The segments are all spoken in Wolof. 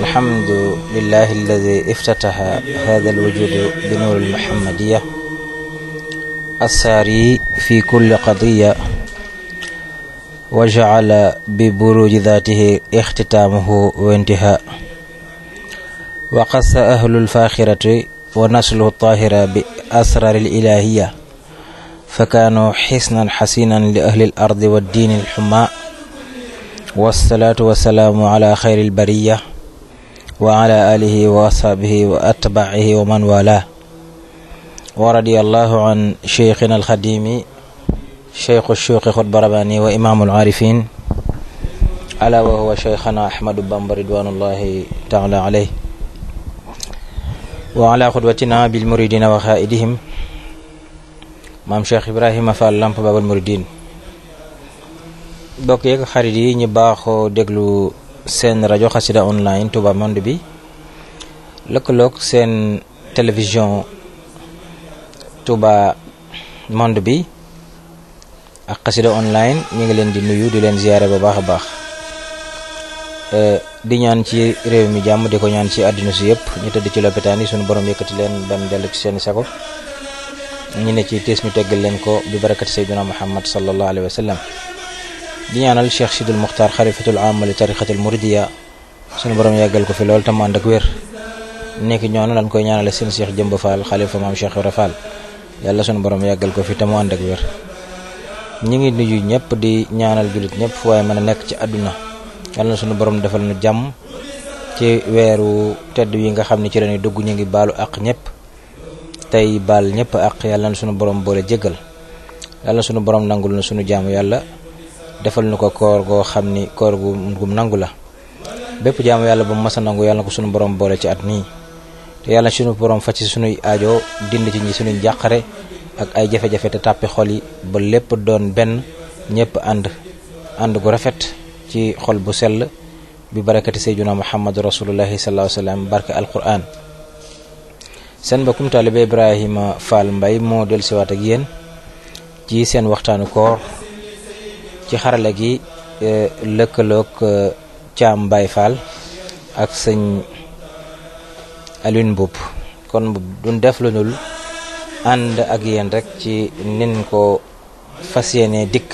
الحمد لله الذي افتتح هذا الوجود بنور المحمدية الساري في كل قضية وجعل ببروج ذاته اختتامه وانتهاء وقص أهل الفاخرة ونسله الطاهرة بأسرار الإلهية fa kaanuu xisnan xasinan li ahli l ardi wa diini lxuma wasalaatu wasalaamu ala xayri lbariya wa ala alihi wa asxaabihi wa atbaacihi wa man wala wa radia allahu an cheikhina alxadimi cheikhu shuuqi xutba rabani wa imaamu alaarifin ala wa huwa cheikhana ahmadu bamba ridwanullahi taala alayh wa ala xudwatina bilmuridina wa xaaidihim maam Cheikh Ibrahima Fall Lamp Babal Mouridine bokk yeeg xarit yi ñu baaxoo déglu seen rajo xasida online tubaa Monde bi lëkkaloog seen télévision Touba Monde bi ak xasida online ñu ngi leen di nuyu di leen ziyaare ba baax a baax euh, di ñaan ci réew mi jàmm di ko ñaan ci àddina si yëpp ñu tëdd ci lopitaan yi sunu borom yëkkati leen ban dellu ci seeni sago ñu ne ci tees ñu teggal leen ko bi barakati sayduna muhammad sallallahu alayhi wa sallam di ñaanal cheikh sidul muxtaar xalifatul aam li tariqatil muridiya sunu borom yàggal ko fi lool tam ànd ak wér nekk ñoonu lan koy ñaanale seen cheikh jëmb faal xalifa maam cheikh ibra faal yàlla sunu borom yàggal ko fi tamu ànd ñi ngi nuyu ñëpp di ñaanal jullit ñëpp fu waaye mën a nekk ci àdduna yàlla na sunu borom defal nu jàmm ci weeru tedd yi nga xam ne ci lañuy dugg ñu ngi baalu àq ñëpp tey baal ñëpp ak yàlla na sunu borom boole jéggal yàlla sunu borom nangul na sunu jaamu yàlla defal nu ko koor goo xam ni koor gu nangu la bépp jaamu yàlla bu mas a nangu yàlla na ko sunu borom boole ci at nii te yàlla sunu boroom faj ci sunuy aajo dind ci ñi sunu njàqare ak ay jafe-jafe te tàppi xol yi ba lépp doon benn ñëpp ànd ànd gu rafet ci xol bu sell bi barakati sayyidina muhammad rasulullahi sallallahu alayhi wa sallam barke alquran seen mbokkum taalibe Ibrahima Fall mbay moo dellusiwaat ak yéen ci seen waxtaanu koor ci xarala gi e, lëkkalook Thiam e, Mbaye Fall ak sëñ alin Mboup kon duñ def lu ànd ak yéen rek ci nin ko fas yéene dikk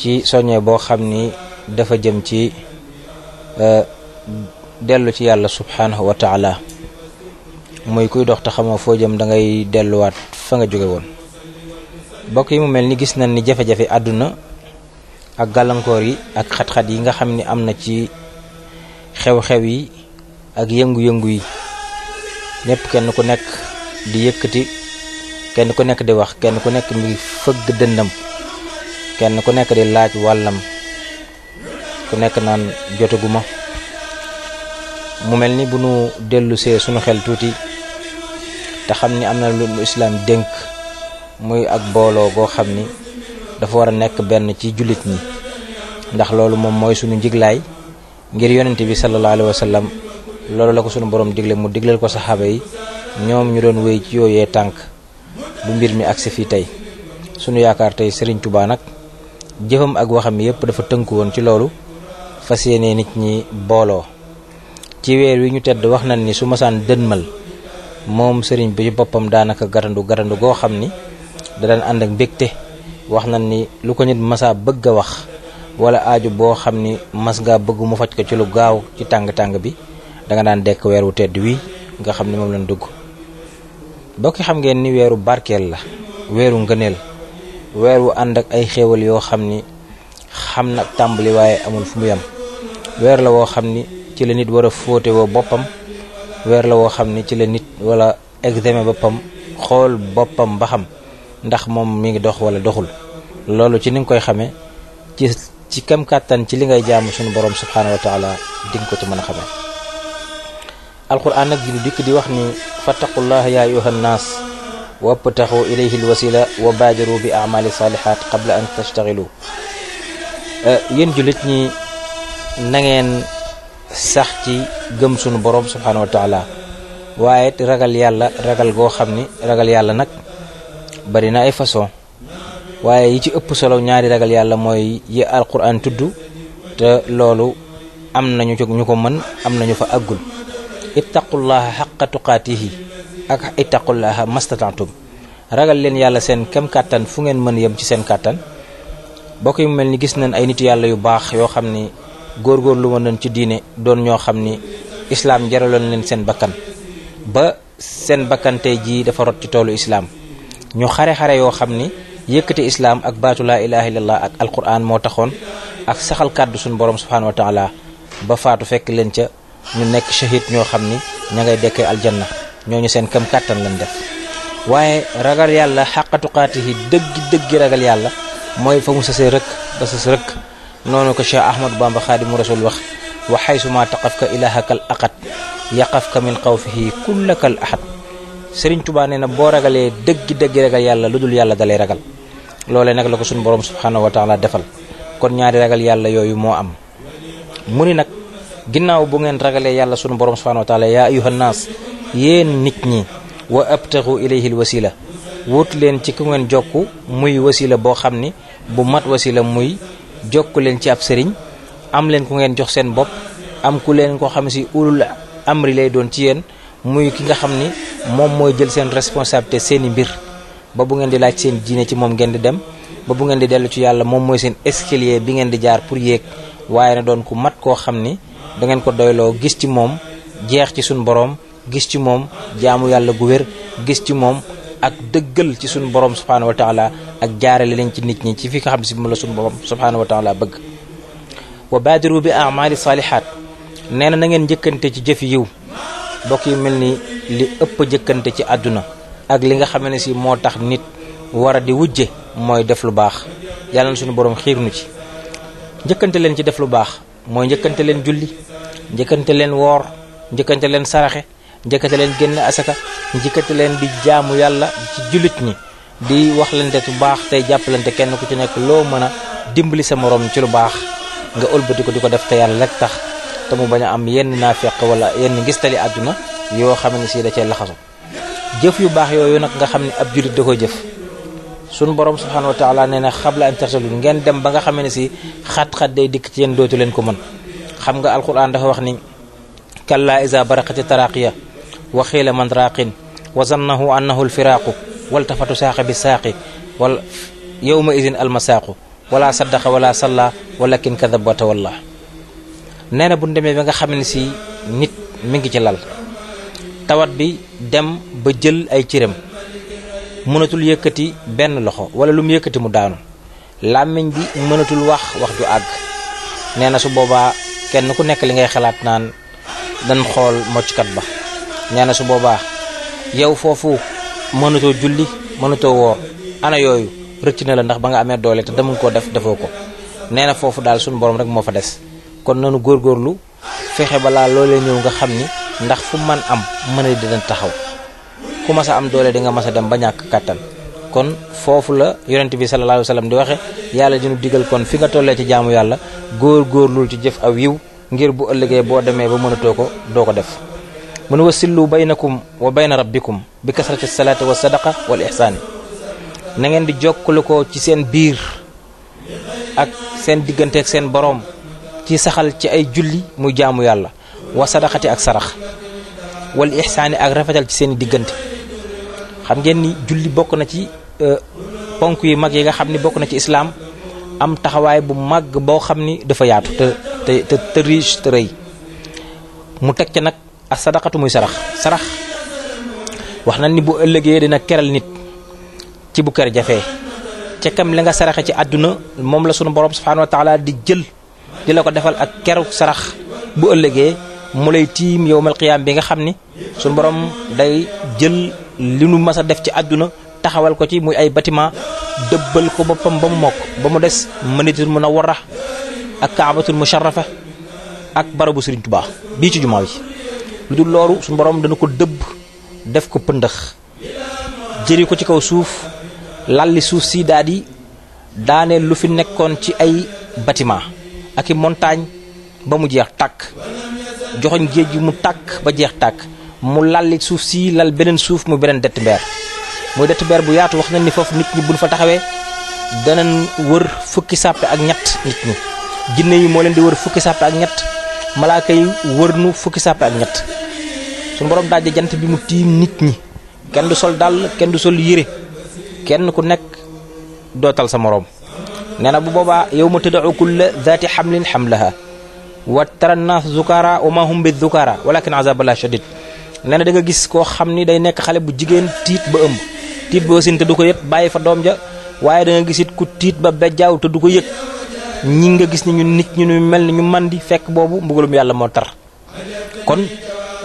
ci soññe boo xam ni dafa jëm ci e, dellu ci yàlla subhanahu wa taala muy kuy dox te xamoo foo jëm da ngay delluwaat fa nga jóge woon bokk yi mu mel ni gis na ni jafe-jafe àdduna ak gàllankoor yi ak xat-xat yi nga xam ni am na ci xew-xew yi ak yëngu-yëngu yi ñépp kenn ku nekk di yëkkati kenn ku nekk di wax kenn ku nekk mi fëgg dëndam kenn ku nekk di laaj wàllam ku nekk naan ma mu mel ni bu nu dellusee sunu xel tuuti te xam ni am na lu islaam dénk muy ak booloo goo xam ni dafa war a nekk benn ci jullit ñi ndax loolu moom mooy sunu njiglaay ngir yonent bi sallallahu alayhi loolu la ko sunu borom digle mu digleel ko saxaaba yi ñoom ñu doon wéy ci yooyee tànk bu mbir mi agsi fii tey sunu yaakaar tey sëriñ tubaa nag jëfam ak waxam yépp dafa tënku woon ci loolu fas yéene nit ñi booloo ci weer wi ñu tedd wax nañ ni su masaan dënmal moom sëriñ bi boppam daanaka gatandu gatandu goo xam ni da daan ànd ak mbégte wax na ni lu ko nit masaa bëgg a wax wala aaju boo xam ni mas ngaa bëgg mu faj ko ci lu gaaw ci tàng-tàng bi danga daan dekk weer wu tedd wi nga xam ni moom lañ dugg bokki xam ngeen ni weeru barkeel la weeru ngëneel weer wu ànd ak ay xéewal yoo xam ni xam na tàmbali waaye amul fu mu yem weer la woo xam ni ci la nit war a fóote woo boppam weer la woo xam ni ci la nit wala examen boppam xool boppam ba xam ndax moom mi ngi dox walla doxul loolu ci ni nga koy xamee ci ci kam kàttan ci li ngay jaamu suñu boroom subhaanahu wa taala di nga ko ci mën a xamee alquran nag du dikk di wax ni fattaqullaha ya ayyuhan naas wabtaxu ilayhi alwasila wa baajiru bi amali salihat qabla an tashtaxilu eh, yéen jullit ñi na ngeen sax ci gëm sunu borom subhanahu wa taala waaye ragal yàlla ragal goo xam ni ragal yàlla nag bari na ay façon waaye yi ci ëpp solo ñaari ragal yàlla mooy yi alquran tudd te loolu am nañu ci ñu ko mën am nañu fa àggul ittaqullaha xaqa tuqaatihi ak ittaqullaha mastataatum ragal leen yàlla seen kem kàttan fu ngeen mën yem ci seen kàttan bokk mel ni gis nañ ay nit yàlla yu baax yoo xam ni góorgóorlu woon nañ ci diine doon ñoo xam ni islaam jaraloon leen seen bakkan ba seen bakkante jii dafa rot ci toolu islaam ñu xare-xare yoo xam ni yëkkate islaam ak baatu laa ilaha illallah ak alquran moo taxoon ak saxal kàddu suñu borom subhanahu wa ba faatu fekk leen ca ñu nekk shahid ñoo xam ni ña ngay dekkee aljanna ñooñu seen kam kàttan lañ def waaye ragal yàlla xaqatuqaati yi dëggi dëggi ragal yàlla mooy fa mu sasee rëkk ba sas noonu ko Cheikh Ahmad Bamba Xaadimu Rasul wax wa xaysuma taqafka ilaahakal aqat yaqafka min xawfihi kullakal ahad Sëriñ Tuubaa nee na boo ragalee dëggi-dëggi ragal yàlla lu dul yàlla dalay ragal loolee nag la ko suñu borom subhaanahu wa taala defal kon ñaari ragal yàlla yooyu moo am mu ni nag ginnaaw bu ngeen ragalee yàlla sunu borom subhaanahu wa taala yaa ayuha naas nit ñi wa abtaxu ilayhi l wasila wut leen ci ku ngeen jokk muy wasila boo xam ni bu mat wasila muy jokku leen ci ab sëriñ am leen ku ngeen jox seen bopp am ku leen koo xam si ulul amri lay doon ci yéen muy ki nga xam ni moom mooy jël seen responsabilité seeni mbir ba bu ngeen di laaj seen diine ci moom ngeen di dem ba bu ngeen di dellu ci yàlla moom mooy seen escalier bi ngeen di jaar pour yéeg waaye na doon ku mat koo xam ni da ngeen ko doyloo gis ci moom jeex ci suñu boroom gis ci moom jaamu yàlla gu wér gis ci moom ak dëggal ci suñu boroom subhaanahu wa taala ak jaarale leen ci nit ñi ci fi nga xam ne si moom la suñu borom subhaanahu wa taala bëgg wa baadiru bi amali saalihaat nee na na ngeen njëkkante ci jëf yiw bokk yi mel ni li ëpp njëkkante ci àdduna ak li nga xam ne si moo tax nit war a di wujje mooy def lu baax yàlla na suñu borom xiir nu ci njëkkante leen ci def lu baax mooy njëkkante leen julli njëkkante leen woor njëkkante leen saraxe njëkkante leen génn asaka njëkkante leen di jaamu yàlla ci jullit ñi di waxlante bu baax tey jàppalante kenn ku ci nekk loo mën a dimbali sa morom ci lu baax nga ëlbati ko di ko def te yàlla rek tax te mu bañ a am yenn naafeq wala yenn ngistali àdduna yoo xam ne si da cee laxasu jëf yu baax yooyu nag nga xam ne ab jullit da koy jëf sunu borom subhanahu wa taala nee na xabla an tartalu ngeen dem ba nga xam ne si xat-xat day dikk ci yéen dootu leen ko mën xam nga alquran dafa wax ni kalla isa baraqati taraqiya wa wa zannahu annahu wal tafatu saaqa bi saaqi wala yowma idin almasaaqu wala saddaqa wala salla walakin kadab wa tawalla nee na bu ñu demee ba nga xam ne si nit mi ngi ci lal tawat bi dem ba jël ay cëram mënatul yëkkati benn loxo wala lu mu yëkkati mu daanu làmmiñ bi mënatul wax wax ju àgg nee na su boobaa kenn ku nekk li ngay xalaat naan dañ xool mocckat ba nee na su boobaa yow foofu mënatoo julli mënatoo woor ana yooyu rëcc na la ndax ba nga amee doole te dama koo def defoo ko nee na foofu daal suñu borom rek moo fa des kon nanu góorlu fexe balaa loolee ñëw nga xam ni ndax fu man am mën a dina taxaw ku mas a am doole di nga mas a dem ba ñàkk kàttan kon foofu la yonent bi sallallahu alayhi wa sallam di waxe yàlla dinu digal kon fi nga tollee ci jaamu yàlla góor góorlul ci jëf aw yiw ngir bu ëllëgee boo demee ba mënatoo ko doo ko def mu ne wa sillu baynakum wa bayna rabbikum bi kasrati salaati wa sadaqa wal ihsaani na ngeen di jokkale ko ci seen biir ak seen diggante ak seen boroom ci saxal ci ay julli muy jaamu yàlla wa sadaxati ak sarax wal ihsaani ak rafetal ci seen diggante xam ngeen ni julli bokk na ci euh, ponk yu mag yi nga xam ni bokk na ci islaam am taxawaay bu màgg boo xam ni dafa yaatu te te te rëy mu teg ca nag as sadaqatu muy sarax sarax wax na ni bu ëllëgee dina keral nit ci bu kër jafee ca kam la nga saraxe ci àdduna moom la sunu borom subhaanahu wa di jël di la ko defal ak keru sarax bu ëllëgee mu lay tiim yowmal qiyaam bi nga xam ni sunu borom day jël li nu mas a def ci àdduna taxawal ko ci muy ay bâtiment dëbbal ko boppam ba mu mokk ba mu des Madinatul Munawwara ak Kaabatul Musharrafa ak barabu Sëriñ Tuubaa bii ci jumaa bi lu dul loolu suñu borom dana ko dëbb def ko pëndëx jëri ko ci kaw suuf lalli suuf si daadi di daaneel lu fi nekkoon ci ay bâtiment ak i montagne ba mu jeex tàkk joxoñ géej gi mu tàkk ba jeex tàkk mu lalli suuf si lal beneen suuf mu beneen dett mbeer muy dett mbeer bu yaatu wax nañ ni foofu nit ñi bu buñ fa taxawee danañ wër fukki sàppe ak ñett nit ñi jinne yi moo leen di wër fukki sàppe ak ñett malaaka yi wër nu fukki sàppe ak ñett suñu borom daaje jant bi mu tiim nit ñi kenn du sol dàll kenn du sol yére kenn ku nekk dootal sa moroom nee na bu boobaa yawma tad'u kulla zaati hamlin hamlaha wa tara naas zukara wa ma hum bi zukara walakin azaballah shadid nee na da nga gis koo xam ni day nekk xale bu jigéen tiit ba ëmb tiit ba wasin te du ko yëg bàyyi fa doom ja waaye da nga ku tiit ba bejjaaw te du ko yëg ñi nga gis ni ñu nit ñu mel na ñu man di fekk boobu mbugalum yàlla moo tar kon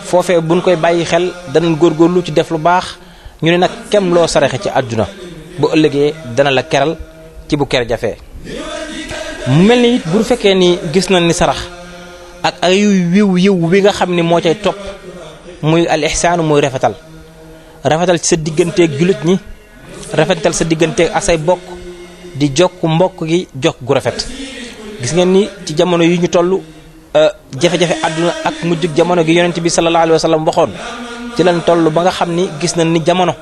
foofee buñ koy bàyyi xel góor góorgóorlu ci def lu baax ñu ne nag kem loo saraxe ci àdduna bu ëllëgee dana la keral ci bu ker jafee mu mel ni it bu fekkee ni gis nañ ni sarax ak ay wiw yiw wi nga xam ni moo cay topp muy al ihsaanu muy rafetal rafetal ci sa digganteeg jullit ñi rafetal sa digganteeg asay bokk di jokk mbokk gi jokk gu rafet gis ngeen ni ci jamono yi ñu toll euh, jafe-jafe àdduna ak mujjug jamono gi yonent bi sallallahu alayhi wa sallam waxoon ci lañ toll ba nga xam ni gis nañ ni jamono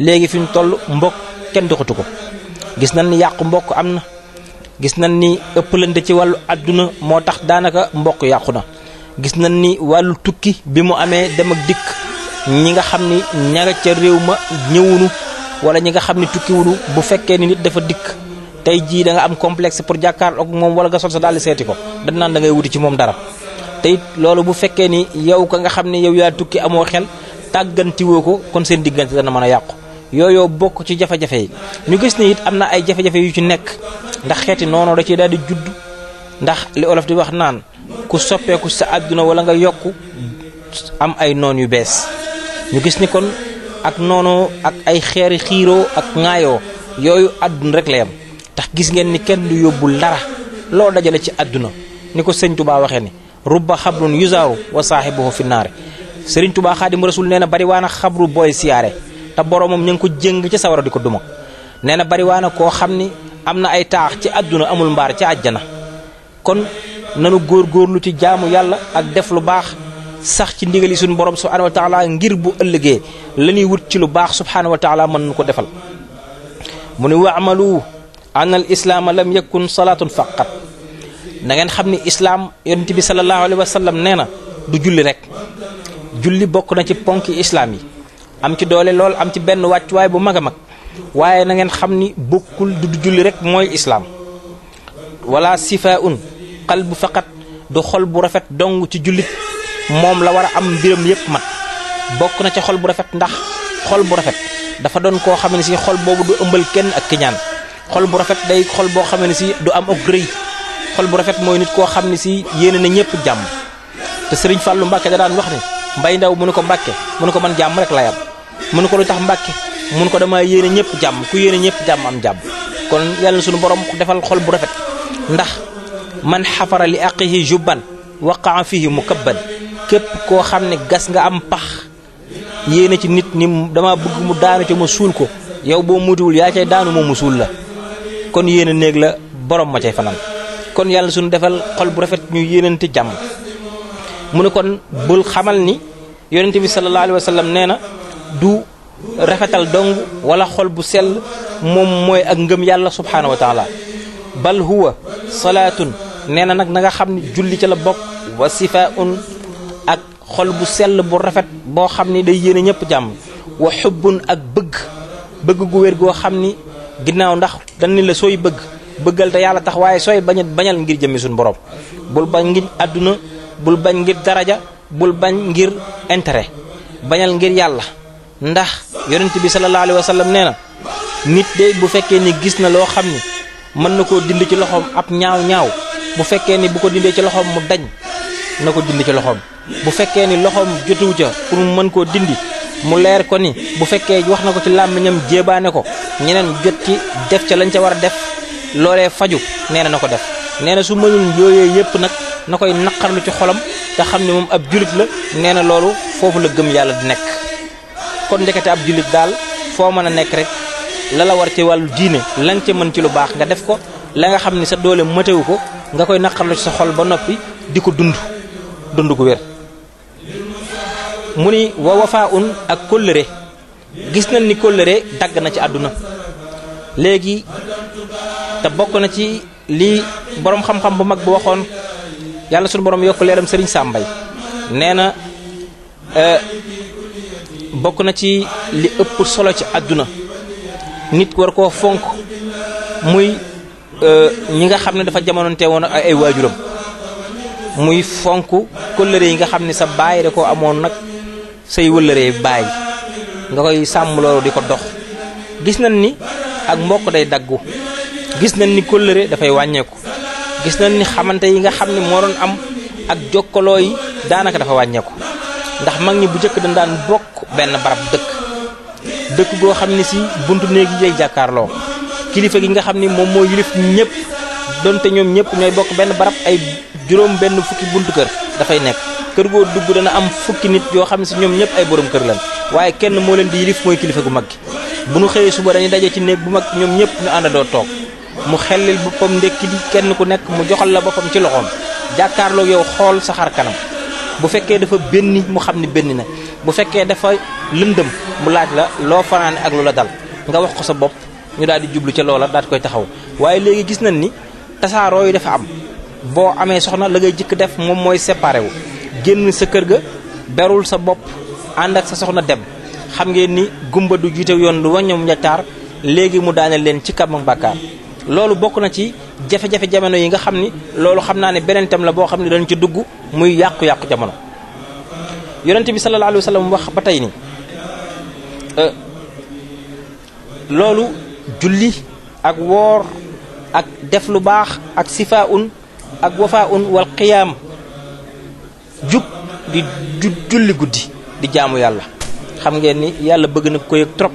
léegi fi ñu toll mbokk kenn doxatu ko gis nañ ni yàqu mbokk am na gis nañ ni ëppalante ci wàllu àdduna moo tax daanaka mbokk yàqu na gis nañ ni wàllu tukki bi mu amee dem ak dikk ñi nga xam ni ña ca réew ma ñëwunu wala ñi nga xam ni tukkiwunu bu fekkee ni nit dafa dikk tey jii da nga am complexe pour jàkkaarloo ak moom wala nga sol sa daal seeti ko dañ naan da ngay wuti ci moom dara tey loolu bu fekkee ni yow ka nga xam ne yow yaa tukki amoo xel tàggantiwoo ko kon seen diggante dana mën a yàqu yooyu bokk ci jafe-jafe yi ñu gis ni it am na ay jafe-jafe yu ci nekk ndax xeeti noonu da ciy daal di judd ndax li olof di wax naan ku soppeeku sa àdduna wala nga yokk am ay noon yu bees ñu gis ni kon ak noonu ak ay xeeri xiiroo ak ŋaayoo yooyu àdduna rek la tax gis ngeen ni kenn du yóbbul dara loo dajale ci àdduna ni ko sëñ tubaa waxee ni rubba xabrun yuzaaru wa saahibuhu fi naari sëriñ tubaa xaadim rasul nee na bari waana xabru booy siyaare te boromam ñu ngi ko jëng ca sawara di ko duma nee na bari na koo xam ni am na ay taax ci àdduna amul mbaar ci àjjana kon nanu góorgóorlu ci jaamu yàlla ak def lu baax sax ci ndigali suñu borom subhaanahu wa taala ngir bu ëllëgee la ñuy wut ci lu baax subhaanahu wa taala mën ko defal an al islaama lam yakun salaatun faqat na ngeen xam ni islaam yonent bi sallallahu alayhi wa sallam nee na du julli rek julli bokk na ci ponk islaam yi am ci doole lool am ci benn wàccuwaay bu mag a mag waaye na ngeen xam ni bokkul du julli rek mooy islaam wala sifaun bu faqat du xol bu rafet dong ci jullit moom la war a am mbiram yépp mat bokk na ci xol bu rafet ndax xol bu rafet dafa doon koo xam ne si xol boobu du ëmbal kenn ak kiñaan xol bu rafet day xol boo xamee ne si du am ak rëy xol bu rafet mooy nit koo xam ne si yéene na ñëpp jàmm te sëriñ Fàllu Mbàkke da daan wax ne mbay ndaw mu ne ko Mbàkke mu ne ko man jàmm rek la yam mu ne ko lu tax Mbàkke mu ne ko dama yéene ñëpp jàmm ku yéene ñëpp jàmm am jàmm kon yàlla suñu borom defal xol bu rafet ndax man xafara li aqihi jubban waqaa fihi mukabban képp koo xam ne gas nga am pax yéene ci nit ni dama bëgg mu daanu ca ma suul ko yow boo mutiwul yaa cay daanu moom mu suul la kon yéene néeg la borom ma cay fanaan kon yàlla suñu defal xol bu rafet ñu yéenante jàmm mu ne kon bul xamal ni yonente bi sallallahu alayhi wa nee na du rafetal dong wala xol bu sell moom mooy ak ngëm yàlla subhaanahu wa taala bal huwa salaatun nee na nag na nga xam ni julli ca la bokk wa sifaun ak xol bu sel bu rafet boo xam ni day yéene ñëpp jàmm wa xubbun ak bëgg bëgg gu wér goo xam ni ginnaaw ndax dañ ni la sooy bëgg bëggal te yàlla tax waaye sooy bañ bañal ngir jëmmi suñu borom bul bañ ngir àdduna bul bañ ngir daraja bul bañ ngir intérêt bañal ngir yàlla ndax yonent bi sallallahu alayhi wa sallam nee na nit day bu fekkee ni gis na loo xam ni mën na koo dind ci loxoom ab ñaaw ñaaw bu fekkee ni bu ko dindee ci loxoom mu dañ na ko dindi ci loxoom bu fekkee ni loxoom jotuwu ca pour mu mën koo dindi mu leer ko ni bu fekkee wax na ko ci làmmiñam jéebaane ko ñeneen jot ci def ca lañ ca war a def loolee faju nee na na ko def nee na su mënul yooyee yëpp nag na koy naqarlu ci xolam te xam ni moom ab julit la nee na loolu foofu la gëm yàlla di nekk kon ndekete ab julit daal foo mën a nekk rek la la war ci wàllu diine lañ nga ca mën ci lu baax nga def ko la nga xam ni sa doole mëtewu ko nga koy naqarlu ci sa xol ba noppi di ko dund dund gu wér mu ni wa wafaa un ak kóllëre gis na ni kóllëre dagg na ci àdduna léegi te bokk na ci li boroom xam-xam bu mag bu waxoon yàlla sunu borom yokk leeram sëriñ sàmbay nee na euh, bokk na ci li ëpp solo ci àdduna nit war koo fonk muy euh, ñi nga xam ne dafa jamonoonte woon ay waajuram muy fonk kóllëre yi nga xam ne sa baay da koo amoon nag say wëllëree bàyyi nga koy sàmm di ko dox gis nañ ni ak mbokk day daggu gis nañ ni kóllëre dafay wàññeeku gis nañ ni xamante yi nga xam ne moo doon am ak jokkaloo yi daanaka dafa wàññeeku ndax mag ñi bu njëkk dañ daan bokk benn barab dëkk dëkk goo xam ne si bunt néegi yi jàkkaarloo kilifa gi nga xam ne moom moo yilif ñëpp donte ñoom ñëpp ñooy bokk benn barab ay juróom benn fukki buntu kër dafay nekk kër goo dugg dana am fukki nit yoo xam ne si ñoom ñëpp ay borom kër lan waaye kenn moo leen di yilif mooy kilifa gu mag gi bu nu xëyee suba dañuy daje ci néeg bu mag ñoom ñëpp ñu àndandoo toog mu xellil boppam ndekki di kenn ku nekk mu joxal la boppam ci loxoom jàkkaarloo yow xool sa xar kanam bu fekkee dafa benni mu xam ne benn na bu fekkee dafa lëndëm mu laaj la loo fanaane ak lu la dal nga wax ko sa bopp ñu daal di jublu ca loola daal di koy taxaw waaye léegi gis nañ ni tasaaroo yi dafa am boo amee soxna la ngay jëkk def moom mooy séparé wu génn sa kër ga berul sa bopp ànd ak sa soxna dem xam ngeen ni gumba du jiite yoon lu waññam ñettaar léegi mu daane leen ci kàmm ak loolu bokk na ci jafe-jafe jamono yi nga xam ni loolu xam naa ne beneen tam la boo xam ne dañ ci dugg muy yàqu-yàqu jamono yonent bi sallallahu alayhi wa sallam wax ba tey ni euh, loolu julli ak woor ak def lu baax ak sifaun ak wafaun wal qiyaam jug di julli guddi di jaamu yàlla xam ngeen ni yàlla bëgg na ko yëg trop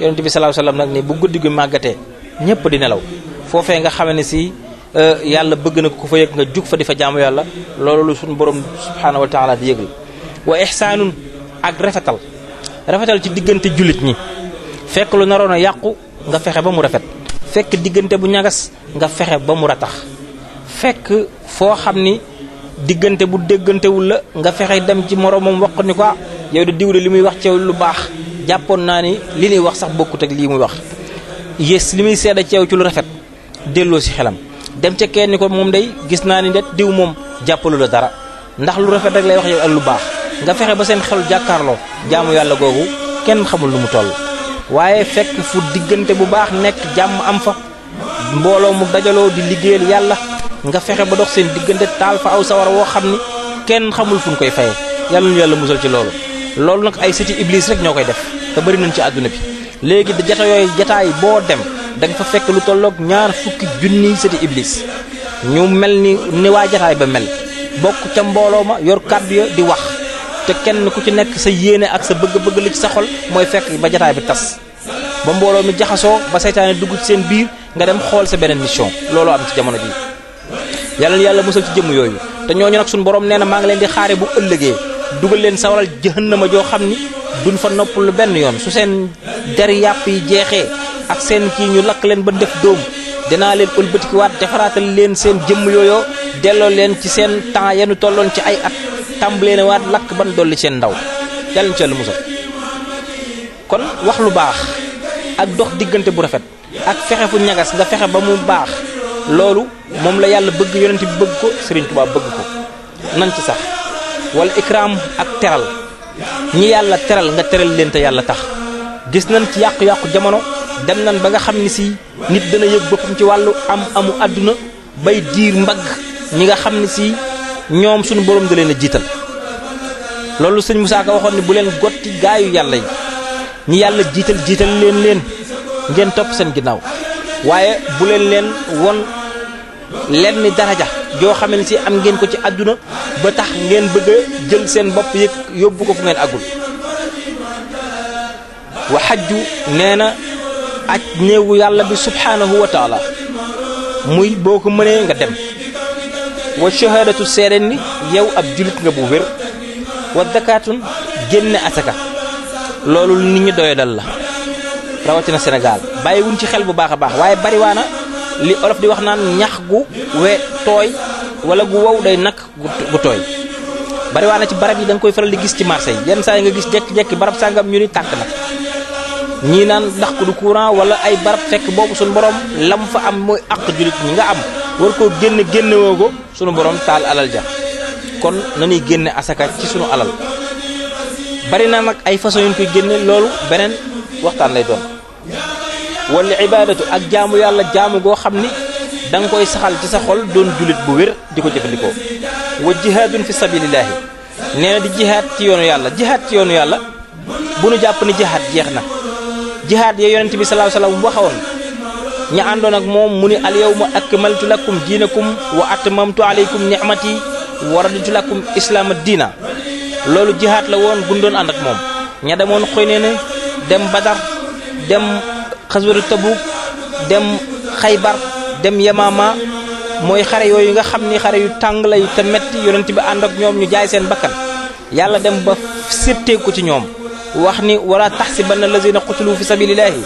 yonente bi salaahu salaam nag ni bu guddi gi màggatee ñëpp di nelaw foofee nga xamee ne si euh, yàlla bëgg na ko fa yëg nga jug fa di fa jaamu yàlla loolu suñu borom subhaanahu wa taala di yëg la wa ihsaanun ak rafetal rafetal ci diggante jullit ñi fekk lu naroon a yàqu nga fexe ba mu rafet fekk diggante bu ñagas nga fexe ba mu ratax fekk foo xam ni diggante bu déggantewul la nga fexe dem ci moroomam wax ni ko ah, yow de diw de li muy wax ceew lu baax jàppoon naa ni li ñuy wax sax bokkut lii muy wax yées li muy seeda ceew ci lu rafet delloo si xelam dem ca kenn ko moom day gis naa ni det diw moom jàppalu la dara ndax lu rafet rek lay wax yow ak lu baax nga fexe ba seen xel jàkkaarloo jàmm yàlla googu kenn xamul lu mu toll waaye fekk fu diggante bu baax nekk jàmm am fa mbooloo mu dajaloo di liggéeyal yàlla nga fexe ba dox seen diggante taal fa aw sawara woo xam ni kenn xamul fu ñu koy fayee yàlla ñu yàlla musal ci loolu loolu nag ay siti iblis rek ñoo koy def te bëri nañ ci àdduna bi léegi da jata yooyu jataay boo dem da nga fa fekk lu tolloog ñaar fukki junniy siti iblis ñu mel ni ni waa jataay ba mel bokk ca mbooloo ma yor kàddu ya di wax te kenn ku ci nekk sa yéene ak sa bëgg-bëgg li ci sa xol mooy fekk ba jataay bi tas ba mbooloo mi jaxasoo ba seytaane dugg ci seen biir nga dem xool sa beneen mission looloo ci jamono ji yàlla na yàlla musal ci jëmm yooyu te ñooñu nag suñu borom nee na maa ngi leen di xaare bu ëllëgee dugal leen sawaral jahannama joo xam ni duñ fa lu benn yoon su seen der yàpp yi jeexee ak seen kii ñu lakk leen ba def dóom dinaa leen ëlbatikiwaat defaraatal leen seen jëmm yooyu delloo leen ci seen temps yenu tolloon ci ay at tàmbalee ne waat lakk ban dolli seen ndaw yàlla ci yàlla musal kon wax lu baax ak dox diggante bu rafet ak fexe fu nga fexe ba mu baax loolu moom la yàlla bëgg yonent bi bëgg ko Sëriñ Tuubaa bëgg ko nan ci sax wala ikraam ak teral ñi yàlla teral nga teral leen te yàlla tax gis nañ ci yàqu-yàqu jamono dem nañ ba nga xam ni si nit dana yëg boppam ci wàllu am amu àdduna bay diir mbagg ñi nga xam ni si ñoom suñu borom da leen a jiital loolu sëñ musaa nga waxoon ne bu leen gotti gaayu yàlla yi ñi yàlla jiital jiital leen leen ngeen topp seen ginnaaw waaye bu leen leen won lenn daraja joo xam ne si am ngeen ko ci àdduna ba tax ngeen bëgg a jël seen bopp yëg yóbbu ko fu ngeen àggul wa xajju nee na ak néewu yàlla bi subhaanahu wa taala muy boo ko mënee nga dem wa shahadatu seere ni yow ab julit nga bu wér wa dakaatun génne asaka loolu nit ñi doyadal la rawatina Sénégal bàyyiwuñ ci xel bu baax a baax waaye bariwaana li olof di wax naan ñax gu we tooy wala gu wow day nakk gu tooy bari na ci barab yi da koy faral di gis ci marché yi yenn saa yi nga gis jekki-jekki barab sàngam ñu ni tàkk na ñii naan ndax ko du courant wala ay barab fekk boobu suñu borom lam fa am mooy àq jullit ñi nga am war koo génn génne woo ko sunu boroom taal alal ja kon nañuy génne asaka ci sunu alal bari na nag ay façon yu ñu koy génne loolu beneen waxtaan lay doon wala ibaadatu ak jaamu yàlla jaamu goo xam ni da koy saxal ci sa xol doon jullit bu wér di ko jëfandikoo wa jihaadun fi sabilillahi nee na di jihaad ci yoonu yàlla jihaad ci yoonu yàlla bu nu jàpp ni jihaad jeex na jihaad ya yonent bi sallallahu alayhi wasallam waxoon ña àndoon ak moom mu ni al yawma akmaltu lakum diinakum wa atmamtu alaykum ni'mati wa raditu lakum islaama diina loolu jihaad la woon bu doon ànd ak moom ña demoon xëy xaswatu Tabuk dem Xaybar dem Yamaama mooy xare yooyu nga xam ni xare yu tàng la yu te metti yonent bi ànd ak ñoom ñu jaay seen bakkan yàlla dem ba sérteeku ci ñoom wax ni waraa wala taxsibanna allazina qutilu fi sabilillahi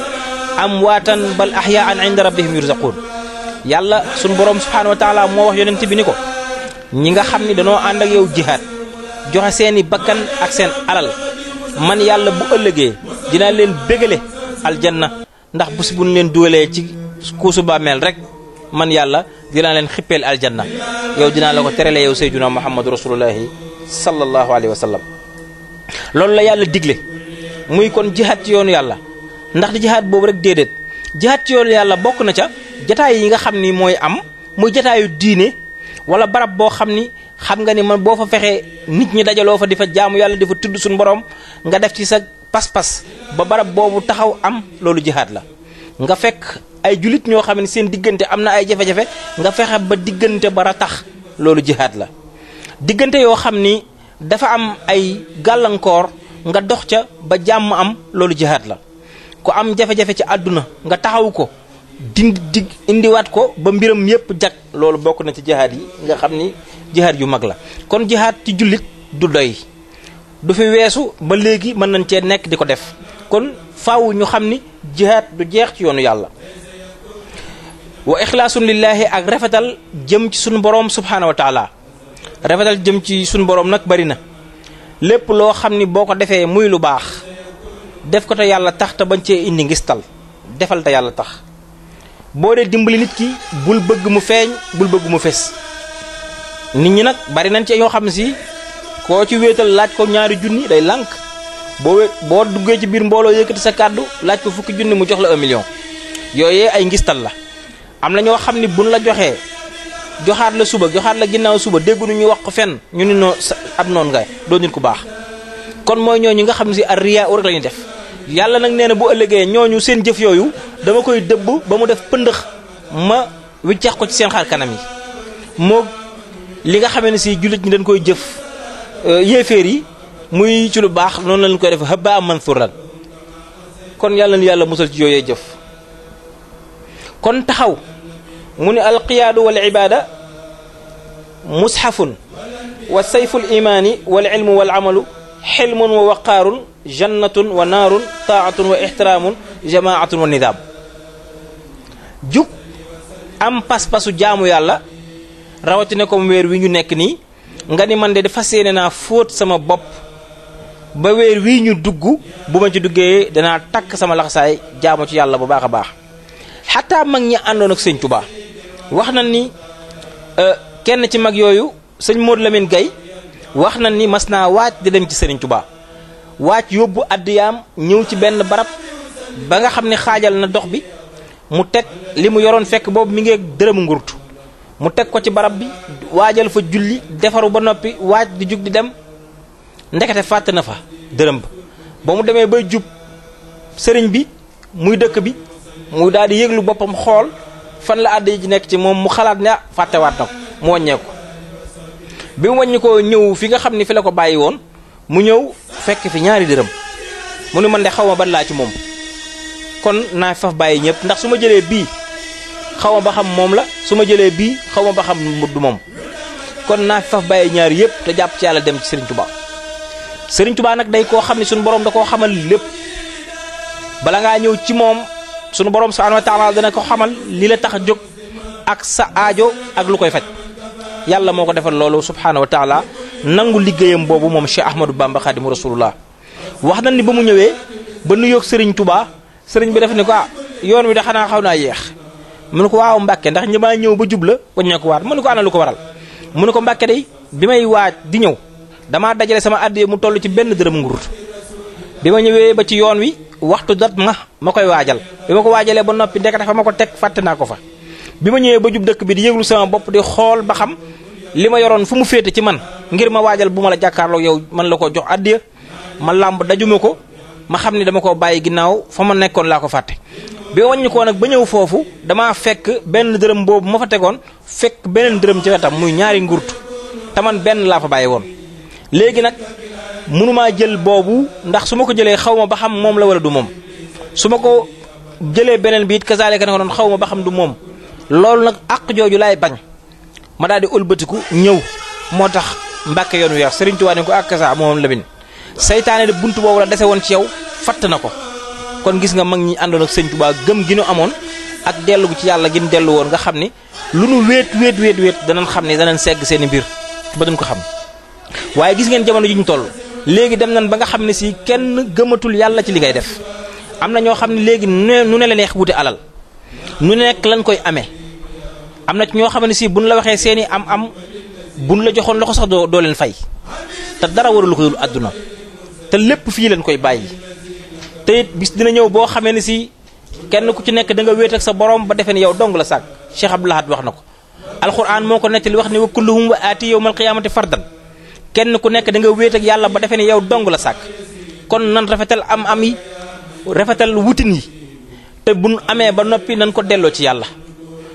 amwaatan bal ahyaan inda rabbihim yurzaquun yàlla sunu borom subhaanahu wa moo wax yonent bi ni ko ñi nga xam ni danoo ànd ak yow jihaad joxe seeni bakkan ak seen alal man yàlla bu ëllëgee dinaa leen bégale aljanna ndax bés bu ñu leen dugalee ci kuusu bàmmeel rek man yàlla dinaa leen xippeel aljanna yow dinaa la ko terale yow sayyiduna muhammadu rasulullahi sallallahu alayhi wa sallam loolu la yàlla digle muy kon jihaat ci yàlla ndax di jihaat boobu rek déedéet jihaat ci yàlla bokk na ca jataay yi nga xam ni mooy am muy jataayu diine wala barab boo xam ni xam nga ni man boo fa fexee nit ñi dajaloo fa di fa jaamu yàlla di fa tudd suñ borom nga def ci sa pas-pas ba barab boobu taxaw am loolu jihaad la nga fekk ay julit ñoo xam ne seen diggante am na ay jafe-jafe nga fexe ba diggante ba tax loolu jihaad la diggante yoo xam ni dafa am ay gàllankoor nga dox ca ba jàmm am loolu jihaad la ku am jafe-jafe ci àdduna nga taxaw ko dindi di indiwaat ko ba mbiram yépp jag loolu bokk na ci jihaad yi nga xam ni jihaad yu mag la kon jihaad ci jullit du doy du fi weesu ba léegi mën nañ cee nekk di ko def kon faaw ñu xam ni jihaad du jeex ci yoonu yàlla wa ixlaasun lillaahi ak rafetal jëm ci suñu borom subhaanahu wa rafetal jëm ci suñu borom nag bari na lépp loo xam ni boo ko defee muy lu baax def ko te yàlla tax te bañ cee indi ngistal defal te yàlla tax boo dee dimbali nit ki bul bëgg mu feeñ bul bëgg mu fes nit ñi nag bari nañ ci yoo xam si koo ci wéetal laaj ko ñaari junni day lànk boo wéet boo duggee ci biir mbooloo yëkkati sa kàddu laaj ko fukki junni mu jox la un million yooyee ay ngistal la am na ñoo xam ni buñ la joxee joxaat la suba joxaat la ginnaaw suba dégguñu ñu wax ko fenn ñu ne sa ab noonu ngay doo nit ku baax kon mooy ñi nga xam ne si ar riyaa rek la def yàlla nag nee na bu ëllëgee ñoo ñu seen jëf yooyu dama koy dëbb ba mu def pëndëx ma wiccax ko ci seen xaar kanam yi moo nga xamee si jullit ñi dañ koy jëf Euh, yéeféer yi muy ci lu baax noonu lañ koy def haba am mansuran kon yàlla na yàlla musal ci yooyee jëf kon taxaw mu ne alqiyaadu wal ibaada mushafun wa sayful imaani wal ilmu wal amalu xilmun wa waqaarun jannatun wa naarun taatun wa ixtiraamun jamaatun wa nidaam jug am pas jaamu yàlla rawatina comme weer wi ñu nekk nii nga ni man de dafa yéene naa fóot sama bopp ba weer wii ñu dugg bu ma ci duggee danaa takk sama laxasaay jaamu ci yàlla bu baax a baax xataa mag ñi àndoon ak sëñ Tuubaa wax na ni euh, kenn ci mag yooyu sëñ Modou Lamine Gaye wax na ni mas naa waaj di dem ci sëriñ Tuubaa waaj yóbbu addiyaam ñëw ci benn barab ba nga xam ne xaajal na dox bi mu teg li mu yoroon fekk boobu mi ngi dërëmu ngurtu mu teg ko ci barab bi waajal fa julli defaru ba noppi waaj di jug di dem ndekete fàtte na fa dërëm ba ba mu demee bay jub sëriñ bi muy dëkk bi mu daal di yëglu boppam xool fan la àdd yi ji nekk ci moom mu xalaat ne ah fàttewaat na ko mu wàññeeku bi mu wàññi ko ñëw fi nga xam ni fi la ko bàyyi woon mu ñëw fekk fi ñaari dërëm mu ne man de xaw ma ban laa ci moom kon naa faf bàyyi ñëpp ndax su ma jëlee bii xaw ma ba xam moom la su ma jëlee bii xaw ma ba xam du moom kon naa fi faf bàyyi ñaar yëpp te jàpp ci yàlla dem ci Serigne Touba Serigne Touba nag day koo xam ne suñu borom da koo xamal lépp bala ngaa ñëw ci moom sunu borom subhanahu wa taala dana ko xamal lii la tax a jóg ak sa aajo ak lu koy faj yàlla moo ko defal loolu subhanahu wa taala nangu liggéeyam boobu moom Cheikh Ahmadou Bamba Khadimu Rasulullah wax nañ ni ba mu ñëwee ba nuyoog Serigne Touba Serigne bi def ko ah yoon wi da xanaa xaw naa yéex. mu ne ko waaw Mbàkke ndax ñi maa ñëw ba jub la waññeeku waat mu ne ko ana lu ko waral mu ne ko Mbàkke day bi may waaj di ñëw damaa dajale sama addiya mu toll ci benn dërëm nguur bi ma ñëwee ba ci yoon wi waxtu dat ma ma koy waajal bi ma ko waajalee ba noppi ndekete fa ma ko teg fàtte naa ko fa bi ma ñëwee ba jub dëkk bi di yëglu sama bopp di xool ba xam li ma yoroon fu mu féete ci man ngir ma waajal bu ma la jàkkaarloo yow man la ko jox addiya ma làmb dajuma ko ma xam ne dama koo bàyyi ginnaaw fa ma nekkoon laa ko fàtte bi wàññi nag ba ñëw foofu dama fekk benn dërëm boobu ma fa tegoon fekk beneen dërëm ci wetam muy ñaari ngurtu taman benn laa fa bàyyi woon léegi nag mënumaa jël boobu ndax su ma ko jëlee xaw ma ba xam moom la wala du moom su ma ko jëlee beneen bi it kasaalika ne ko noon xaw ma ba xam du moom loolu nag àq jooju laay bañ ma daal di ëlbatiku ñëw moo tax mbàkke yoon wi wax Sëriñ Tuubaa ko ak saa moom la seytaane saytaane bunt boobu la dese woon ci yow fatt na ko kon gis nga mag ñi àndoon ak sëñ Tuubaa gëm gi nu amoon ak dellugu ci yàlla gi nu dellu woon nga xam ni lu nu wéet wéet wéet wéet danañ xam ni danañ segg seeni i mbir ba duñ ko xam waaye gis ngeen jamono ji ñu toll léegi dem nañ ba nga xam ne si kenn gëmatul yàlla ci li ngay def am na ñoo xam ne léegi nu ne la neex wute alal nu nekk lañ koy amee am na ñoo xam ne si buñ la waxee seen i am-am buñ la joxoon loxo sax doo doo leen fay te dara waralu ko dul àdduna leen koy bàyyi. te it bis dina ñëw boo xamee ne si kenn ku ci nekk da nga wéet ak sa borom ba defee ne yow dong la sàkk Cheikh Abdoul Ahad wax na ko alxuraan moo ko nettali wax ne wa kulluhum wa aati yawmal qiyaamati fardan kenn ku nekk da nga wéet ak yàlla ba defee ni yow dong la sàkk kon nan rafetal am am yi rafetal wutin yi te bu nu amee ba noppi nan ko delloo ci yàlla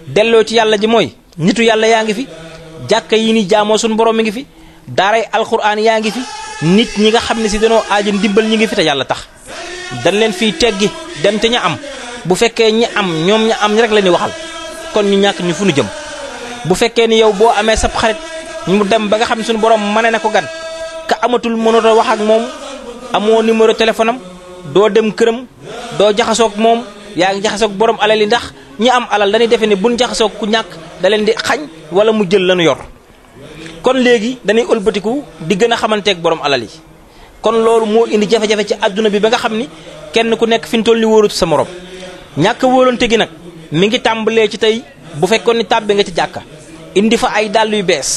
delloo ci yàlla ji mooy nitu yàlla yaa ngi fi jàkka yi ni jaamoo suñu borom mi ngi fi daaray alxuraan yaa ngi fi nit ñi nga xam ne si danoo aaja ndimbal ñi ngi fi yàlla tax dañ leen fiy teggi dem te ña am bu fekkee ñi am ñoom ña am rek la ñuy waxal kon ñu ñàkk ñu fu ñu jëm bu fekkee ni yow boo amee sab xarit mu dem ba nga xam ne suñu borom mane na ko gan ka amatul mënatoo wax ak moom amoo numéro téléphone doo dem këram doo jaxasoog moom yaa ngi jaxasoog borom alal yi ndax ñi am alal dañuy defe ne buñ jaxasoog ku ñàkk da leen di xañ wala mu jël lañu yor kon léegi dañuy ëlbatiku di gën a xamanteeg borom alal yi kon loolu moo indi jafe-jafe ci àdduna bi ba nga xam ni kenn ku nekk fi ñu toll ni wóorut sa morom ñàkk wóolante gi nag mi ngi tàmbalee ci tey bu fekkoon ni tàbbi nga ci jàkka indi fa ay dàll yu bees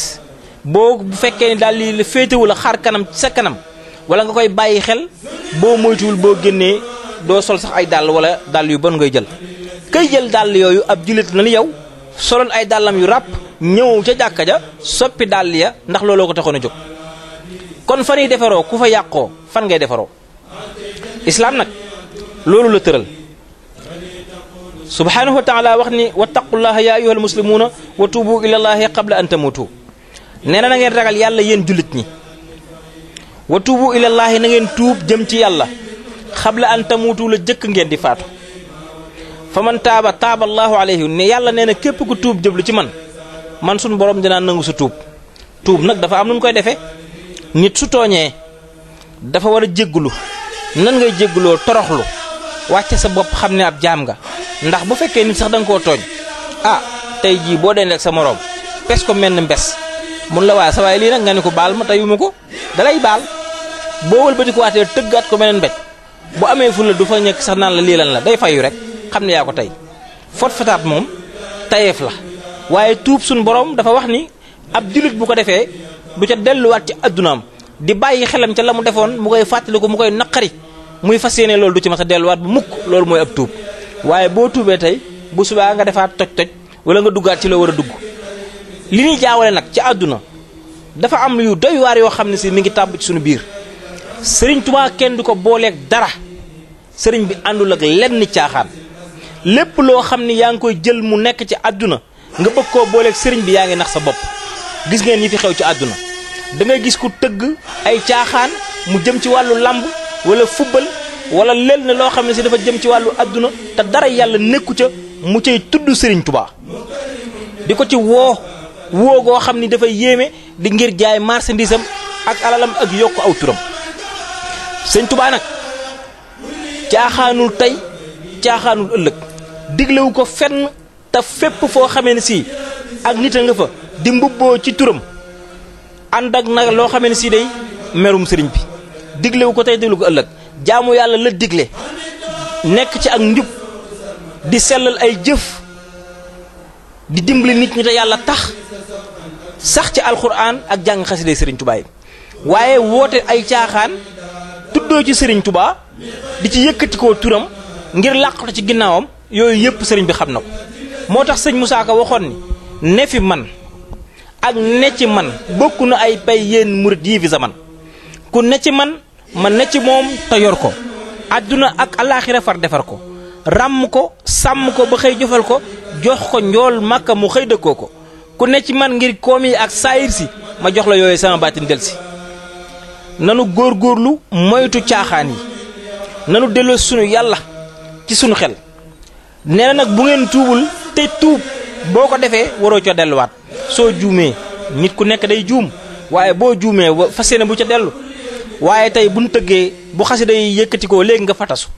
boo bu fekkee ni dàll yi la féetewu la xar kanam sa kanam wala nga koy bàyyi xel boo moytuwul boo génnee doo sol sax ay dàll wala dàll yu bon ngay jël kay jël dàll yooyu ab jullit na li yow soloon ay dàllam yu ràpp ñëw ca jàkka ja soppi dàll ya ndax looloo ko taxoon a jóg kon fa yi defaroo ku fa yàqoo fan ngay defaroo islaam nag loolu la tëral subhaanahu wa taala wax ni wattaqullaha ya ayyuhal muslimuuna wa tuubu ilallahi qabla an tamutu nee na na ngeen ragal yàlla yéen jullit ñi wa tuubu ilallahi na ngeen tuub jëm ci yàlla xabla anta tamutu la jëkk ngeen di faatu fa man taaba taaba allahu alayhi ne yàlla nee na képp ku tuub jëblu ci man man suñu borom dinaa nangu sa tuub tuub nag dafa am nu koy defee nit su tooñee dafa war a jégglu nan ngay jéggloo toroxlu wàcce sa bopp xam ne ab jaam nga ndax bu fekkee nit sax danga koo tooñ ah tey jii boo dee ak sa moroom pes ko menn mbes mun la waaye sa waay lii nag nga ne ko baal ma teyuma ko dalay baal boo wëlbati ko waatee ko meneen bet bu amee fula du fa nekk sax naan la lii lan la day fayu rek xam ne yaa ko tey fot fataat moom tayeef la waaye tuub suñu borom dafa wax ni ab jullit bu ko defee du ca delluwaat ci addunaam di bàyyi xelam ca la mu defoon mu koy fàttaliku mu koy naqari muy fas yéene loolu du ci mas a delluwaat bu mukk loolu mooy ab tuub waaye boo tuubee tey bu subaa nga defaat toj-toj wala nga duggaat ci loo war a dugg li ñuy jaawale nag ci àdduna dafa am yu doy waar yoo xam ne si mi ngi tàmb ci suñu biir sëriñ Tuubaa kenn du ko booleek dara sëriñ bi àndul ak lenn caaxaan lépp loo xam ni yaa ngi koy jël mu nekk ci àdduna nga bëgg koo booleeg sëriñ bi yaa ngi nax sa bopp. gis ngeen ñi fi xew ci àdduna dangay gis ku tëgg ay caaxaan mu jëm ci wàllu làmb wala fubbal wala lel ne loo xam ne si dafa jëm ci wàllu àdduna te dara yàlla nekku ca mu cay tudd Serigne Touba di ko ci woo woo goo xam ni dafa yéeme di ngir jaay marchandise ak alalam ak yokk aw turam Serigne Touba nag caaxaanul tey caaxaanul ëllëg diglewu ko fenn te fépp foo xamee ne si ak nit a nga di mbubboo ci turam àndak ak nag loo xamee ne si day merum sëriñ bi diglewu ko tey diglu ko ëllëg jaamu yàlla la digle nekk ci ak njub di sellal ay jëf di dimbali nit ñi te yàlla tax sax ci alxuraan ak jàng xasida sëriñ Tuubaa waaye woote ay caaxaan tuddoo ci sëriñ tubaa di ci yëkkatikoo turam ngir làqatu ci ginnaawam yooyu yëpp sëriñ bi xam na ko moo tax sëñ Moussa Ka waxoon ni ne fi man ak ne ci man bokk na ay pay yéen murit yii fi zaman ku ne ci man ma ne ci moom te yor ko àdduna ak alaaxira far defar ko ràmm ko sàmm ko ba xëy jofal ko jox ko njool makka mu xëy dëkkoo ko ku ne ci man ngir koom yi ak saayir si ma jox la yooyu sama baatin del si nanu góorlu moytu caaxaan yi nanu delloo sunu yàlla ci sunu xel nee na nag bu ngeen tuubul te tuub boo ko defee waroo co delluwaat soo juumee nit ku nekk day juum waaye boo juumee fas yéene bu ca dellu waaye tey bu nu tëggee bu xasida yi yëkkati ko léegi nga fatasu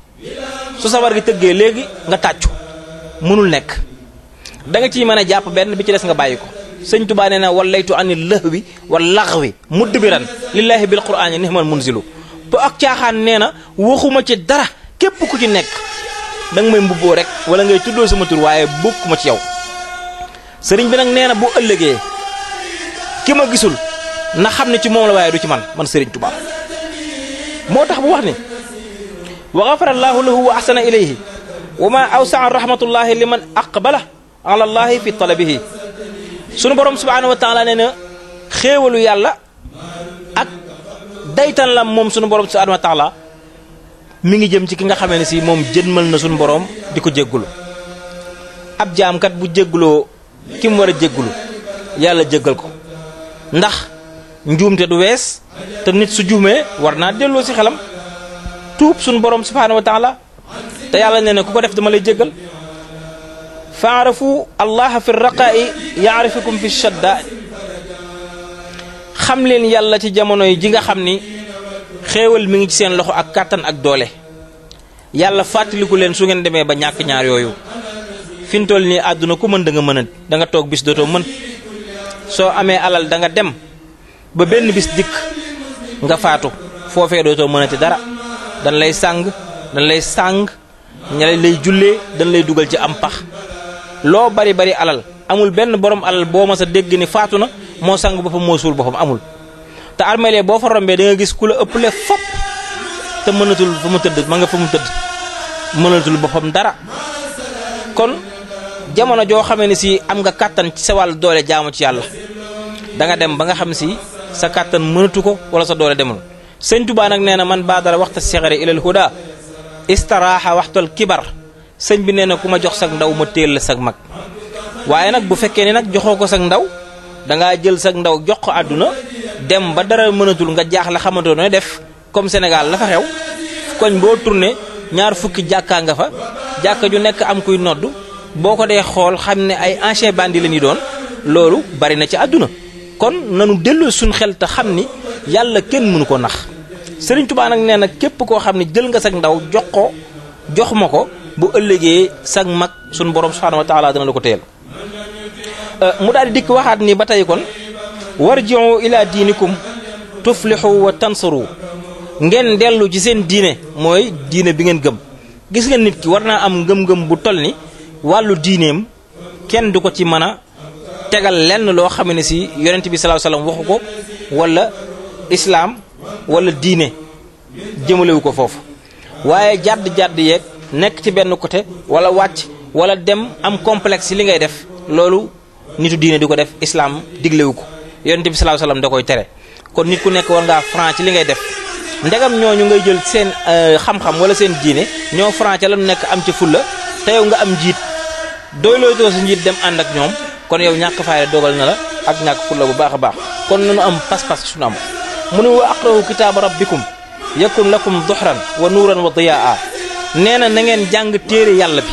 su sabar gi tëggee léegi nga tàccu mënul nekk da nga ciy mën a jàpp benn bi ci des nga bàyyi ko sëñ Tuubaa nee na wallaytu ani lahwi wa laghwi mudbiran lillahi bil qur'ani nihmal munzilu bu ak caaxaan nee na waxuma ci dara képp ku ci nekk danga may mbubboo rek wala ngay tuddoo sama tur waaye bokk ci yow sëriñ bi nag nee na bu ëllëgee ki ma gisul na xam ne ci moom la waaye du ci man man sëriñ Tuubaa moo tax bu wax ni wa gafarallaahu lahu wa ahsana ilayhi wa ma awsaa rahmatullahi liman aqbala ala llahi fi talabihi sunu borom subhanahu wa taala nee na xéewalu yàlla ak daytan la moom sunu borom subhanahu wa taala mi ngi jëm ci ki nga xamee ne si moom jënmal na sunu borom di ko jéggulu ab jaamkat bu jégguloo ki war a jéggulu yàlla jéggal ko ndax njuumte du wees te nit su juumee war naa delloo si xelam tuub suñu borom subhaanahu wa taala te yàlla nee ne ku ko def dama lay jéggal faarafu allaha fi raqaa'i yaarifukum fi shadda xam leen yàlla ci jamono yi ji nga xam ni xéewal mi ngi ci seen loxo ak kàttan ak doole yàlla fàttaliku leen su ngeen demee ba ñàkk ñaar yooyu fi mu toll nii àdduna ku mën danga nga mën a da nga toog bis dootoo mën soo amee alal danga dem ba benn bis dikk nga faatu foofee dootoo mënati dara dañ lay sàng dañ lay sàng ña lay jullee dañ lay dugal ci am pax loo bari bari alal amul benn borom alal boo ma sa dégg ni faatu na moo sang boppam moo suul boppam amul te armeel boo fa rombee da gis ku la ëpple fopp te mënatul mu tëdd ma nga fa mu tëdd mënatul boppam dara kon jamono joo xamee ni si am nga kàttan ci sa wàllu doole jaamu ci yàlla danga dem ba nga xam si sa kàttan mënatu ko wala sa doole demul sëñ Tuubaa nag nee na man baadara waxta sixari ilal huda istaraaxa waxtal kibar sëñ bi nee na ku ma jox sag ndaw ma téel la sag mag waaye nag bu fekkee ni nag joxoo ko sag ndaw dangaa jël sag ndaw jox ko àdduna dem ba dara mënatul nga jaaxle xamante nooy def comme Sénégal la xew koñ boo tourné ñaar fukki jàkkaa nga fa jàkka ju nekk am kuy nodd boo ko dee xool xam ne ay ancien bandi la ñuy doon loolu bari na ci àdduna kon nanu delloo suñ xel te xam ni yàlla kenn mënu ko nax Sëriñ Tuubaa nag nee na képp koo xam ne jël nga sag ndaw jox ko jox ma ko bu ëllëgee sag mag suñ borom subhaanahu wa taala dana la ko teel euh, mu daal di dikk waxaat ni ba tey kon war warji'u ila diinikum tuflixu wa tansaru ngeen dellu ci seen diine mooy diine bi ngeen gëm gis ngeen nit ki war naa am ngëm-ngëm bu toll ni wàllu diineem kenn du ko ci mën a tegal lenn loo xam ne si yonent bi sallallahu alayhi wasallam waxu ko wala islaam wala diine jëmalewu ko foofu waaye jàdd jàdd yeeg nekk ci benn côté wala wàcc wala dem am complex complexe li ngay def loolu nitu diine di ko def islaam diglewu ko yonent bi sallallahu alayhi wasallam da koy tere kon nit ku nekk war ngaa ci li ngay def ndegam ñooñu ngay jël seen euh, xam-xam wala seen diine ñoo franc la nu nekk am ci fulla te yow nga am njiit doyloo doo sa njiit dem ànd ak ñoom kon yow ñàkk fayda dogal na la ak ñàkk fulla bu baax a baax kon nanu am pas-pas suñu am mu ne wa aqra'u kitaaba rabbikum yakun lakum duhran wa nuuran wa diyaa nee na na ngeen jàng téere yàlla bi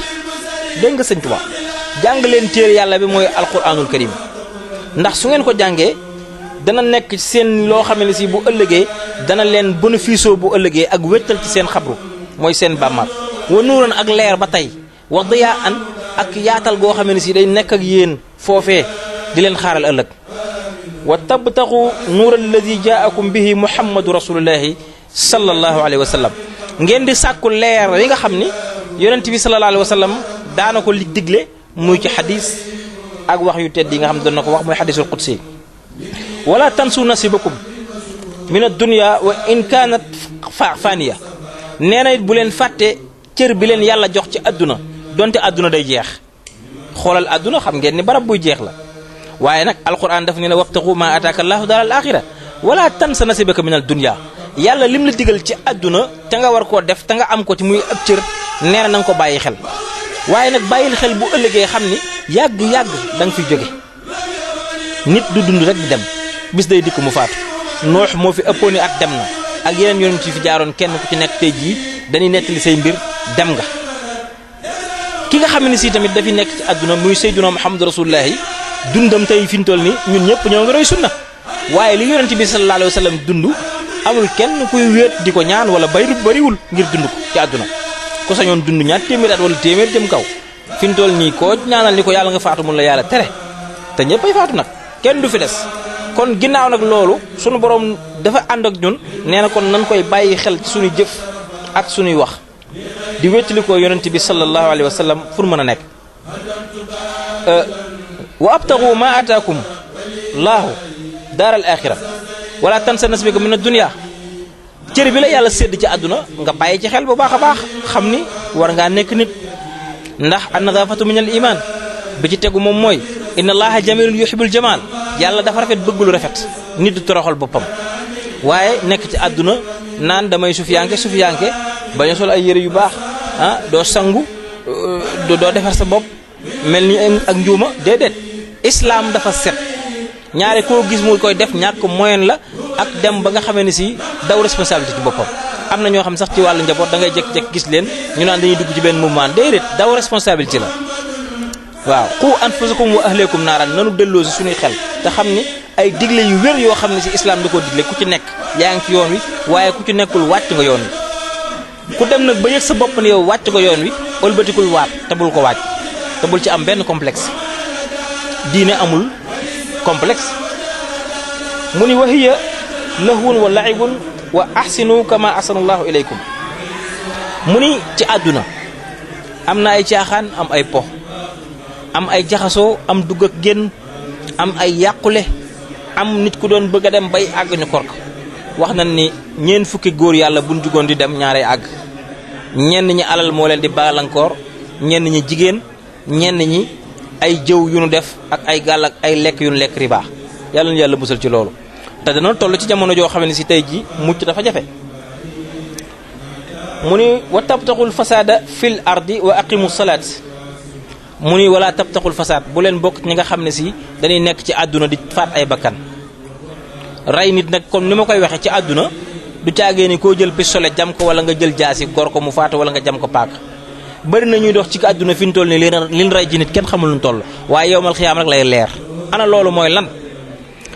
dégg nga sëñ jàng leen téere yàlla bi mooy alquranul karim ndax su ngeen ko jàngee dana nekk seen loo xam ne si bu ëllëgee dana leen bénéfice bu ëllëgee ak wéttal ci seen xabru mooy seen bàmmaat wa nuuran ba tey ak yaatal goo xam si day nekk ak yéen foofee di leen xaaral ëllëg wa tabtaxu nuur alladi jaakum bihi muhammadu rasulullahi sallallahu alayhi wa sallam ngeen di sàkku leer yi nga xam ni yonent bi sallallahu alayhi wa sallam daana ko li digle muy ci xadis ak wax yu tedd yi nga xam ne doon na ko wax mooy xadisul qudsi wala tansu nasibakum min addunya wa in kaanat faaniya nee na it bu leen fàtte cër bi leen yàlla jox ci adduna donte àdduna day jeex xoolal àdduna xam ngeen ni barab buy jeex la waaye nag alquran daf ne la wabtaxu ma ataaka allahu daal al axira wala tan sa nasibaka min al dunya yàlla lim la digal ci adduna te nga war koo def te nga am ko ci muy ab cër nee na ko bàyyi xel waaye nag bàyyil xel bu ëllëgee xam ni yàgg-yàgg da nga fi jóge nit du dund rek di dem bis day dikk mu faatu noox moo fi ëppooni ak dem na ak yeneen yoonu ci fi jaaroon kenn ku ci nekk tey jii dañuy nettali say dem nga ki nga xam ne sii tamit dafi nekk ci àdduna muy sayyiduna Muhammad rasulullahi dundam tey fi ñu toll ni ñun ñëpp ñoo ngi roy sunna waaye li yonente bi sallallahu alayhi wa sallam dund amul kenn kuy wéet di ko ñaan wala bayru bariwul ngir dund ko ci àdduna ko sañoon dund ñaar téeméer at wala téeméer dem kaw fi ñu toll nii koo ñaanal ni ko yàlla nga faatu mun la yàlla tere te ñëpp ay faatu nag kenn du fi des kon ginnaaw nag loolu sunu borom dafa ànd ak ñun nee na kon nan koy bàyyi xel ci suñuy jëf ak suñuy wax di wéttalikoo yonent bi sallallahu alayhi wa sallam fu mën a nekk euh, wa abtagu ma ataakum laahu daar al axira wala tansa nasibaka min ad-dunya cër bi la yàlla sédd ci àdduna nga bàyyi ci xel bu baax a baax xam ni war ngaa nekk nit ndax an-nadaafatu min al iman ci tegu moom mooy inna allaha jamilun yuhibbul jamal yàlla dafa rafet bëgg rafet nit du toroxal boppam waaye nekk ci àdduna naan damay sufiyanke sufiyanke bañ ay yére yu baax ah doo sangu euh, doo defar sa bopp mel ni ak njuuma déedéet islaam dafa set ñaare koo gis mu koy def ñàkk moyen la ak dem ba nga xamee ne si daw responsabilité ci boppam am na ñoo xam sax ci wàllu njaboot da ngay jekk jékki gis leen ñu naan dañuy dugg ci benn mouvement déedéet daw responsabilité la waaw qu anfusakum wa ahlikum naaran nanu delloo si suñuy xel te xam ni ay digle yu wér yoo xam ne si islam koo digle ku ci nekk yaa ngi ci yoon wi waaye ku ci nekkul wàcc nga yoon wi ku dem na ba sa bopp ne yow wàcc ko yoon wi ëlbatikul waat te bul ko wàcc te bul ci am benn complexe diine amul complexe mu ni wahiya lahwun wa laibun wa ahsinu kama ahsanallahu ilaykum mu ni ci àdduna am na ay caaxaan am ay po am ay jaxasoo am dugg ak génn am ay yàqule am nit ku doon bëgg a dem bay àgg ñu korka wax nañ ni ñeen fukki góor yàlla buñ jugoon di dem ñaaree àgg ñenn ñi alal moo leen di baalankoor ñenn ñi jigéen ñenn ñi ay jëw yu nu def ak ay gàll ak ay lekk yu nu lekk riba yàlla na yàlla musal ci loolu te dana toll ci jamono joo xam ni si tey ji mucc dafa jafe mu ni wa tabtaxul fasaada fil ardi wa aqimu salaat mu ni wala tabtaxul fasaad bu leen bokk ñi nga xam ne si dañuy nekk ci àdduna di faat ay bakkan rey nit nag kon ni ma koy waxee ci àdduna du caagee ni koo jël pistolet jam ko wala nga jël jaasi gor ko mu faatu wala nga jam ko paaka bari na ñuy dox ci àdduna fi ñu toll nii lin liñ rey ci nit kenn xamul luñ toll waaye yowmal xiyaam rek lay leer ana loolu mooy lan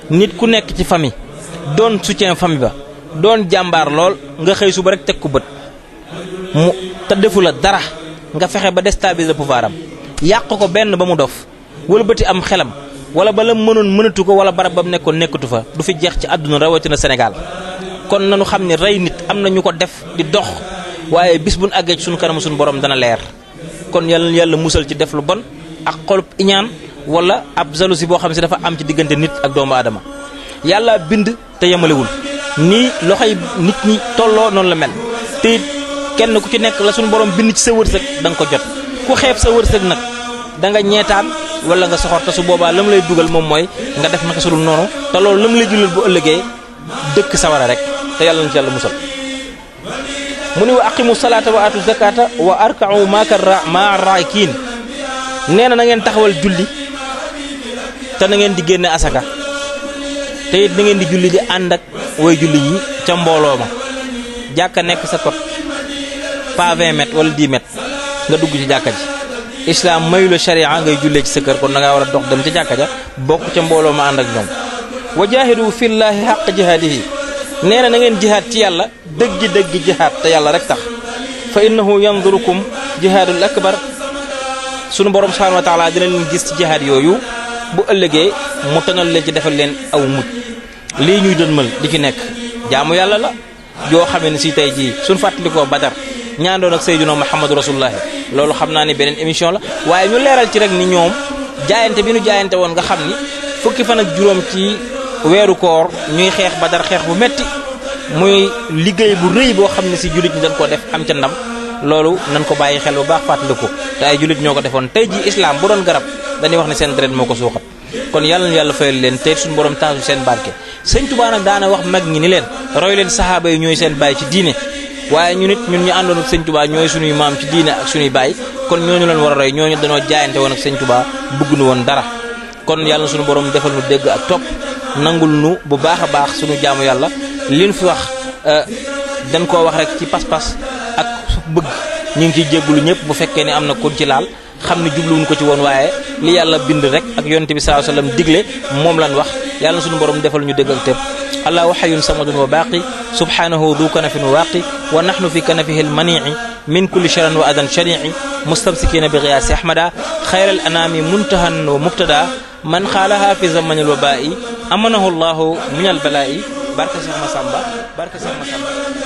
nit ku nekk ci famille doon soutien famille ba doon jàmbaar lool nga xëy suba rek teg ko bët mu te defu la dara nga fexe ba déstabiliser pouvoir am yàq ko benn ba mu dof wëlbati am xelam wala ba la mënoon mënatu ko wala barab ba mu nekkoon nekkatu fa du fi jeex ci àdduna rawatina Sénégal kon nañu xam ne rey nit am na ñu ko def di dox waaye bis bu nu àggee ci suñu kanam suñu borom dana leer kon yàlla yàlla musal ci def lu bon ak xolub iñaan wala ab jalousie boo xam si dafa am ci diggante nit ak doomu aadama yàlla bind te yemalewul nii loxoy nit ñi tolloo noonu la mel te kenn ku ci nekk la suñu borom bind ci sa wërsëg da nga ko jot ku xeeb sa wala nga soxor te su boobaa lam lay dugal moom mooy nga def naka sudul noonu te loolu lam lay julal bu ëllëgee dëkk sawara rek te yàlla na ci yàlla musal mu ni wa aqimu salaata wa atu zakata wa arka'u maaka maa raakiin nee na na ngeen taxawal julli te na ngeen di génne asaka te it ngeen di julli di ànd ak way julli yi ca mbooloo ma jàkka nekk sa kot pas 20 mètres wala 10 nga dugg ci jàkka ji islaam mayu la sharia ngay jullee ci sa kër kon da ngaa war a dox dem ca jàkka ja bokk ca mbooloo ma ànd ak ñoom wa jaahidu fillaahi xaq jihaadihi nee na na ngeen jihaad ci yàlla dëgg-dëgg jihaad te yàlla rek tax fa innahu yandurukum jihaadul akbar sunu borom subhanahu wa taala dina leen gis ci jihaad yooyu bu ëllëgee mu tanal leen ci defal leen aw mujj lii ñuy dënmal di ci nekk jaamu yàlla la yoo xamee ne si tey jii suñu fàttalikoo Badar ñaandoon ak Seydina Muhammadu Rasulullahi loolu xam naa ne beneen émission la waaye ñu leeral ci rek ni ñoom jaayante bi ñu jaayante woon nga xam ni fukki fan ak juróom ci weeru koor ñuy xeex ba dara xeex bu metti muy liggéey bu rëy boo xam ne si jullit ñi dañ ko def am ca ndam loolu nañ ko bàyyi xel bu baax fàttaliku te ay jullit ñoo ko defoon tey ji islaam bu doon garab dañuy wax ne seen deret moo ko suuxat kon yàlla na yàlla fayal leen tey suñu borom taasu seen barke sëñ Tuubaa nag mag ñi ni leen roy leen saxaaba yi ñooy seen bàyyi ci diine waaye ñun it ñun ñu àndoon ak sëñ Touba ñooy suñuy maam ci diine ak suñuy baay kon ñooñu leen war rey ñoo ñooñu dañoo jaayante woon ak sëñ Touba bëgg nu woon dara kon yàlla suñu borom defal nu dégg ak topp nangul nu bu baax a baax suñu jaamu yàlla liñ fi wax euh, dañ ko wax rek ci pas-pas ak bëgg ñu ngi ciy jéggulu ñëpp bu fekkee ne am na kon ci laal xam ne jubluwuñ ko ci woon waaye li yàlla bind rek ak yonent bi sallallahu alayhi wasallam digle moom lan wax yàlla suñu borom defal ñu dégg ak tëb allahu xayun samadun wa baaqi subhanahu du kanafin wa waaqi wa nahnu fi kanafihi almanii min kulli sharan wa adan sharii mustamsikina bi xiyaasi ahmada xayra al anaami muntahan wa mubtada man xaalaha fi zamani alwabaai amanahu allahu min albalaa'i barke Cheikh Massamba barke Cheikh Massamba